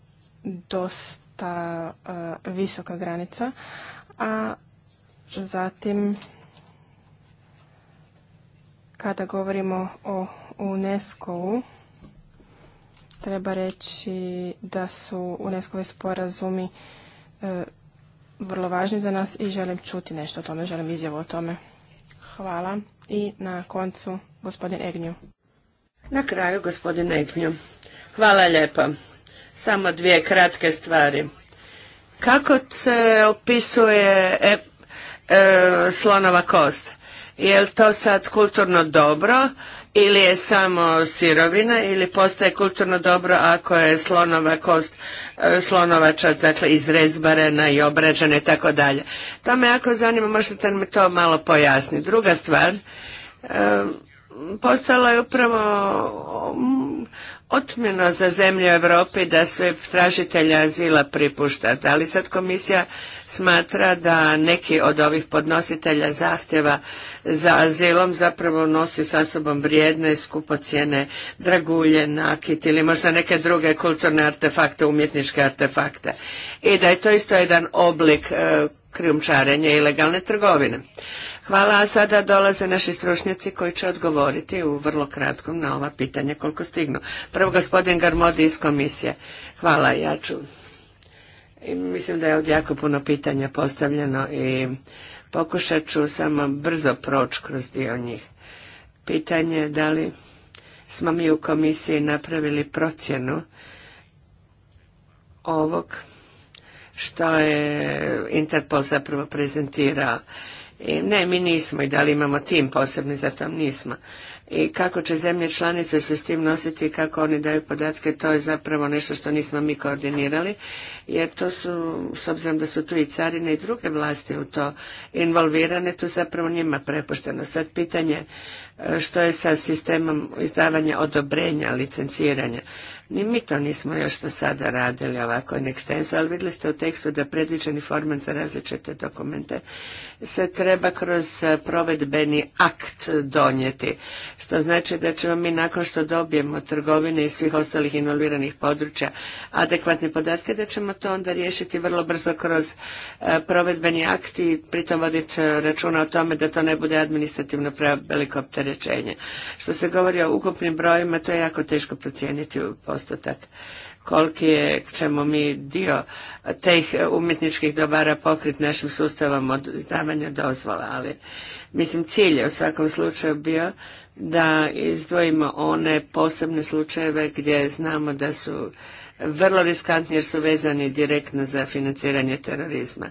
dosta eh, visoka granica, a zatim kada govorimo o UNESCO-u, treba reći da su unesco sporazumi eh, vrlo važni za nas i želim čuti nešto o tome, želim izjavu o tome. Hvala i na koncu gospodin Egnju. Na kraju gospodin Egnju. Hvala lijepo. Samo dvije kratke stvari. Kako se opisuje e, e, slonova kost? Je li to sad kulturno dobro ili je samo sirovina ili postaje kulturno dobro ako je slonova kost, e, slonovača, dakle izrezbarena i obrađena i tako dalje. To me jako zanima, možete mi to malo pojasniti. Druga stvar, e, postala je upravo um, otmjeno za zemlje u da sve tražitelja azila pripušta. Ali sad komisija smatra da neki od ovih podnositelja zahtjeva za azilom zapravo nosi sa sobom vrijedne skupocjene dragulje, nakit ili možda neke druge kulturne artefakte, umjetničke artefakte. I da je to isto jedan oblik eh, krijumčarenja ilegalne trgovine. Hvala, a sada dolaze naši stručnjaci koji će odgovoriti u vrlo kratkom na ova pitanja koliko stignu. Prvo gospodin Garmodi iz komisije. Hvala, ja ću. mislim da je ovdje jako puno pitanja postavljeno i pokušat ću samo brzo proći kroz dio njih. Pitanje je da li smo mi u komisiji napravili procjenu ovog što je Interpol zapravo prezentirao i ne, mi nismo i da li imamo tim posebni za to, nismo. I kako će zemlje članice se s tim nositi i kako oni daju podatke, to je zapravo nešto što nismo mi koordinirali, jer to su, s obzirom da su tu i carine i druge vlasti u to involvirane, to zapravo njima prepušteno. Sad pitanje e, što je sa sistemom izdavanja odobrenja, licenciranja. Ni mi to nismo još do sada radili ovako in extenso, ali vidjeli ste u tekstu da predviđeni format za različite dokumente se treba kroz e, provedbeni akt donijeti. Što znači da ćemo mi nakon što dobijemo trgovine i svih ostalih involviranih područja adekvatne podatke, da ćemo to onda riješiti vrlo brzo kroz e, provedbeni akt i pritom voditi e, računa o tome da to ne bude administrativno preveliko opterećenje. Što se govori o ukupnim brojima, to je jako teško procijeniti u postotak. Koliki je, ćemo mi dio teh umjetničkih dobara pokrit našim sustavom od izdavanja dozvola, ali mislim cilj je u svakom slučaju bio da izdvojimo one posebne slučajeve gdje znamo da su vrlo riskantni jer su vezani direktno za financiranje terorizma.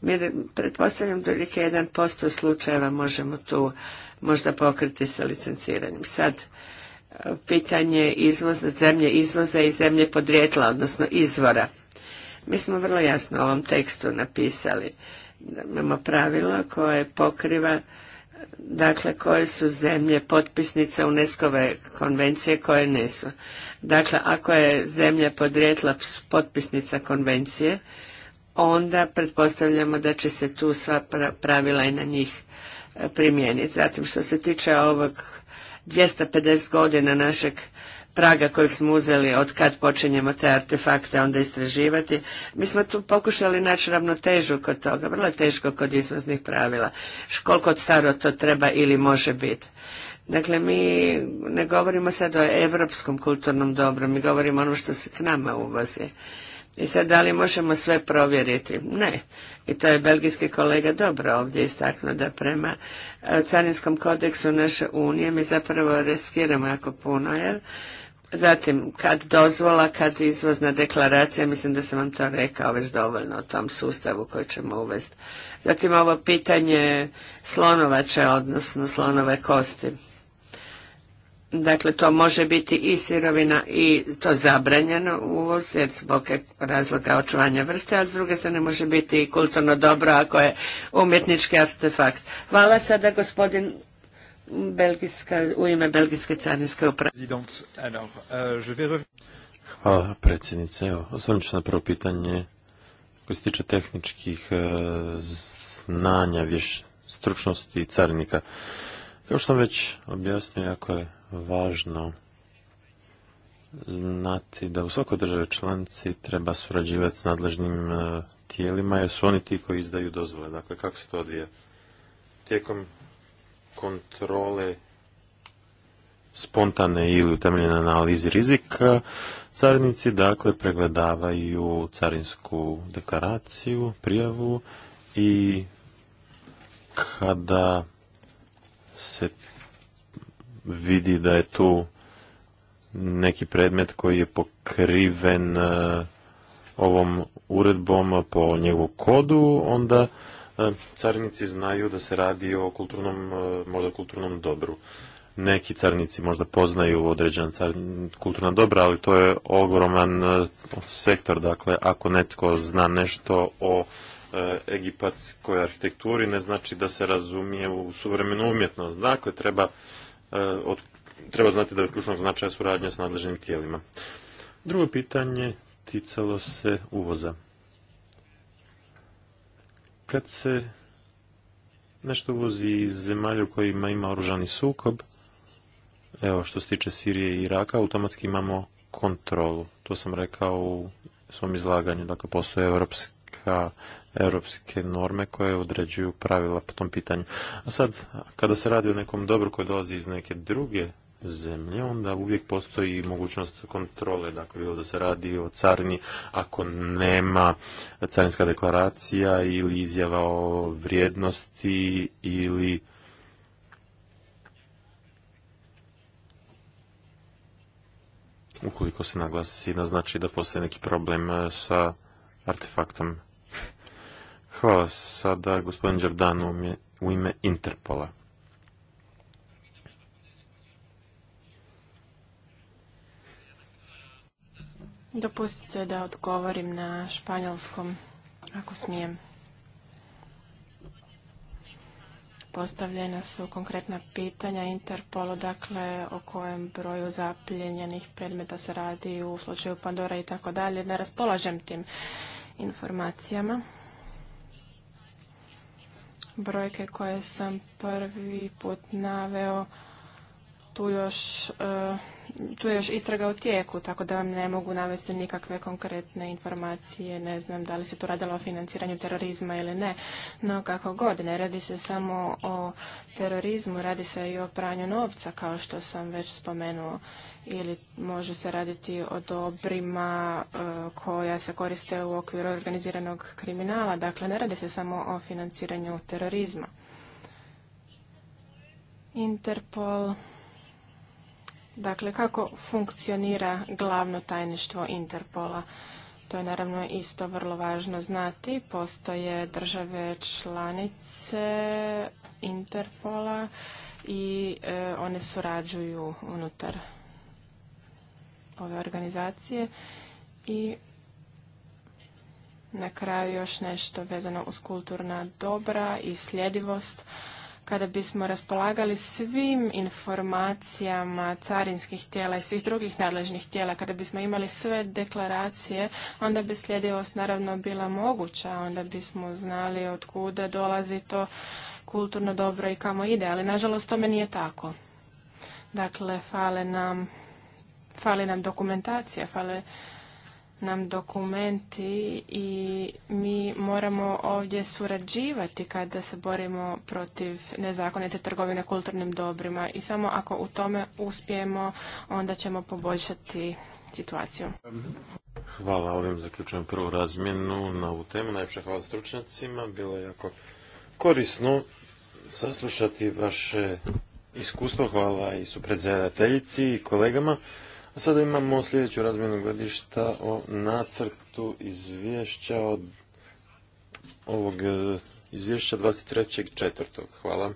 Mi pretpostavljam da je jedan posto slučajeva možemo tu možda pokriti sa licenciranjem. Sad, pitanje izvoza, zemlje izvoza i zemlje podrijetla, odnosno izvora. Mi smo vrlo jasno u ovom tekstu napisali da imamo pravila koje pokriva dakle koje su zemlje potpisnice UNESCO-ve konvencije koje nisu. Dakle, ako je zemlja podrijetla potpisnica konvencije, onda pretpostavljamo da će se tu sva pravila i na njih e, primijeniti. Zatim, što se tiče ovog 250 godina našeg praga kojeg smo uzeli od kad počinjemo te artefakte onda istraživati. Mi smo tu pokušali naći ravnotežu kod toga, vrlo teško kod izvoznih pravila, koliko staro to treba ili može biti. Dakle, mi ne govorimo sad o evropskom kulturnom dobru, mi govorimo ono što se k nama uvozi. I sad da li možemo sve provjeriti? Ne. I to je belgijski kolega dobro ovdje istaknuo da prema e, carinskom kodeksu naše unije mi zapravo riskiramo jako puno, jer Zatim, kad dozvola, kad izvozna deklaracija, mislim da sam vam to rekao već dovoljno o tom sustavu koji ćemo uvesti. Zatim ovo pitanje slonovače, odnosno slonove kosti. Dakle, to može biti i sirovina i to zabranjeno uvoz jer zbog razloga očuvanja vrste, a s druge ne može biti i kulturno dobro ako je umjetnički artefakt. Hvala sada gospodin Belgijska, u ime Belgijske carinske uprave. Euh, Hvala predsjednice. Evo, osvrnut ću na prvo pitanje koje se tiče tehničkih e, znanja, vješ, stručnosti carinika. Kao što sam već objasnio, jako je važno znati da u svakoj državi članici treba surađivati s nadležnim e, tijelima, jer su oni ti koji izdaju dozvole. Dakle, kako se to odvija? Tijekom kontrole spontane ili utemeljene analizi rizika, carinici dakle pregledavaju carinsku deklaraciju, prijavu i kada se vidi da je tu neki predmet koji je pokriven e, ovom uredbom po njegovu kodu, onda e, carnici znaju da se radi o kulturnom, e, možda kulturnom dobru. Neki carnici možda poznaju određena kulturna dobra, ali to je ogroman sektor. Dakle, ako netko zna nešto o E, egipatskoj arhitekturi ne znači da se razumije u suvremenu umjetnost. Dakle, treba, e, treba znati da je ključnog značaja suradnja s nadležnim tijelima. Drugo pitanje ticalo se uvoza. Kad se nešto uvozi iz zemalja u kojima ima oružani sukob, evo što se tiče Sirije i Iraka, automatski imamo kontrolu. To sam rekao u svom izlaganju. Dakle, postoje europska europske norme koje određuju pravila po tom pitanju. A sad, kada se radi o nekom dobru koje dolazi iz neke druge zemlje, onda uvijek postoji mogućnost kontrole, dakle bilo da se radi o carini, ako nema carinska deklaracija ili izjava o vrijednosti ili ukoliko se naglasi, naznači da postoji neki problem sa artefaktom. Hvala sada gospodin Đordanu u ime Interpola. Dopustite da odgovorim na španjolskom, ako smijem. Postavljena su konkretna pitanja Interpolu, dakle o kojem broju zapljenjenih predmeta se radi u slučaju Pandora i tako dalje. Ne raspolažem tim informacijama brojke koje sam prvi put naveo tu još, e, je još istraga u tijeku, tako da vam ne mogu navesti nikakve konkretne informacije, ne znam da li se tu radilo o financiranju terorizma ili ne, no kako god, ne radi se samo o terorizmu, radi se i o pranju novca, kao što sam već spomenuo, ili može se raditi o dobrima e, koja se koriste u okviru organiziranog kriminala, dakle ne radi se samo o financiranju terorizma. Interpol Dakle, kako funkcionira glavno tajništvo Interpola? To je naravno isto vrlo važno znati. Postoje države članice Interpola i e, one surađuju unutar ove organizacije. I na kraju još nešto vezano uz kulturna dobra i sljedivost kada bismo raspolagali svim informacijama carinskih tijela i svih drugih nadležnih tijela, kada bismo imali sve deklaracije, onda bi sljedivost naravno bila moguća, onda bismo znali od kuda dolazi to kulturno dobro i kamo ide, ali nažalost tome nije tako. Dakle, fale nam, fali nam dokumentacija, fale nam dokumenti i mi moramo ovdje surađivati kada se borimo protiv nezakonite trgovine kulturnim dobrima i samo ako u tome uspijemo onda ćemo poboljšati situaciju. Hvala, ovim zaključujem prvu razmjenu na ovu temu. najviše hvala stručnjacima, bilo je jako korisno saslušati vaše iskustvo. Hvala i supredsjedateljici i kolegama. A sada imamo sljedeću razmjenu godišta o nacrtu izvješća od ovog eh, izvješća četvrtog. Hvala.